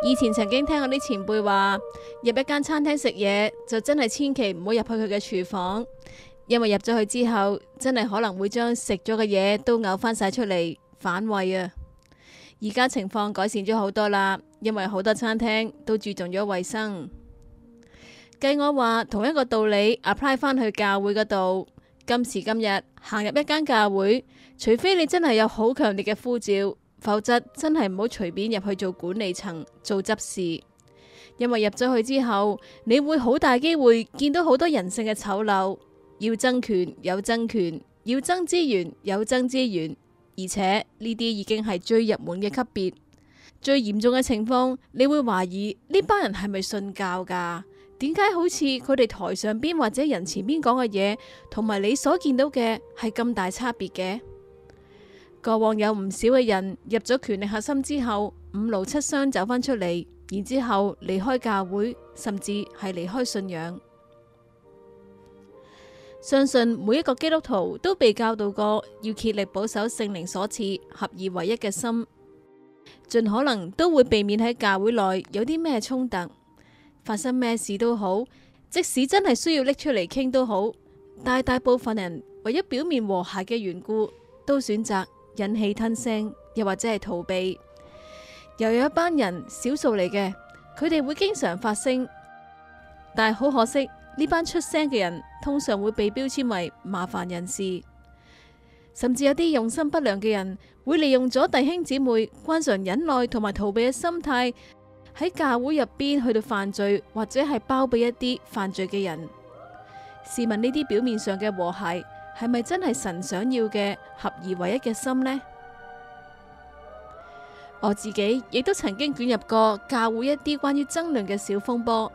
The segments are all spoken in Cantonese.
以前曾經聽我啲前輩話，入一間餐廳食嘢就真係千祈唔好入去佢嘅廚房，因為入咗去之後，真係可能會將食咗嘅嘢都嘔翻晒出嚟，反胃啊！而家情況改善咗好多啦，因為好多餐廳都注重咗衛生。計我話同一個道理 apply 返去教會嗰度，今時今日行入一間教會，除非你真係有好強烈嘅呼召。否則真係唔好隨便入去做管理層做執事，因為入咗去之後，你會好大機會見到好多人性嘅醜陋。要爭權有爭權，要爭資源有爭資源，而且呢啲已經係最入門嘅級別。最嚴重嘅情況，你會懷疑呢班人係咪信教噶？點解好似佢哋台上邊或者人前邊講嘅嘢，同埋你所見到嘅係咁大差別嘅？過往有唔少嘅人入咗權力核心之後，五勞七傷走返出嚟，然之後離開教會，甚至係離開信仰。相信每一個基督徒都被教導過要竭力保守聖靈所賜合而為一嘅心，盡可能都會避免喺教會內有啲咩衝突，發生咩事都好，即使真係需要拎出嚟傾都好。大大部分人唯一表面和諧嘅緣故，都選擇。忍氣吞聲，又或者係逃避，又有一班人，少數嚟嘅，佢哋會經常發聲，但係好可惜，呢班出聲嘅人通常會被標籤為麻煩人士，甚至有啲用心不良嘅人會利用咗弟兄姊妹慣常忍耐同埋逃避嘅心態，喺教會入邊去到犯罪，或者係包庇一啲犯罪嘅人，試問呢啲表面上嘅和諧。係咪真係神想要嘅合而為一嘅心呢？我自己亦都曾經捲入過教會一啲關於爭論嘅小風波，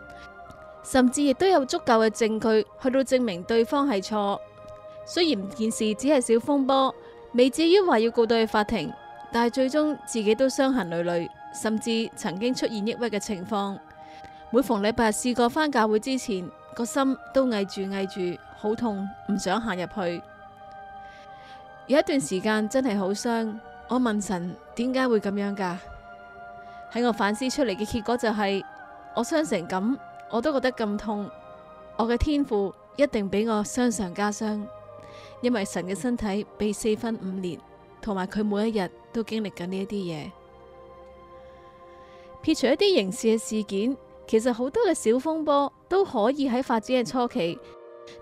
甚至亦都有足夠嘅證據去到證明對方係錯。雖然件事只係小風波，未至於話要告到去法庭，但係最終自己都傷痕累累，甚至曾經出現抑鬱嘅情況。每逢禮拜試過返教會之前。個心都嗌住嗌住，好痛，唔想行入去。有一段時間真係好傷，我問神點解會咁樣噶？喺我反思出嚟嘅結果就係，我傷成咁，我都覺得咁痛。我嘅天父一定俾我傷上加傷，因為神嘅身體被四分五裂，同埋佢每一日都經歷緊呢一啲嘢。撇除一啲刑事嘅事件。其實好多嘅小風波都可以喺發展嘅初期，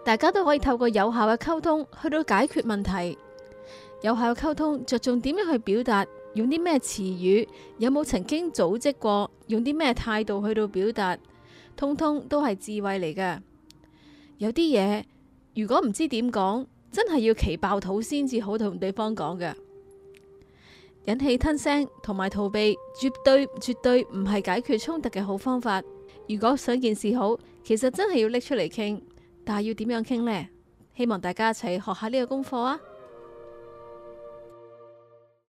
大家都可以透過有效嘅溝通去到解決問題。有效嘅溝通着重點樣去表達，用啲咩詞語，有冇曾經組織過，用啲咩態度去到表達，通通都係智慧嚟嘅。有啲嘢如果唔知點講，真係要奇爆肚先至好同對方講嘅。忍氣吞聲同埋逃避，絕對絕對唔係解決衝突嘅好方法。如果想件事好，其實真係要拎出嚟傾。但係要點樣傾呢？希望大家一齊學下呢個功課啊！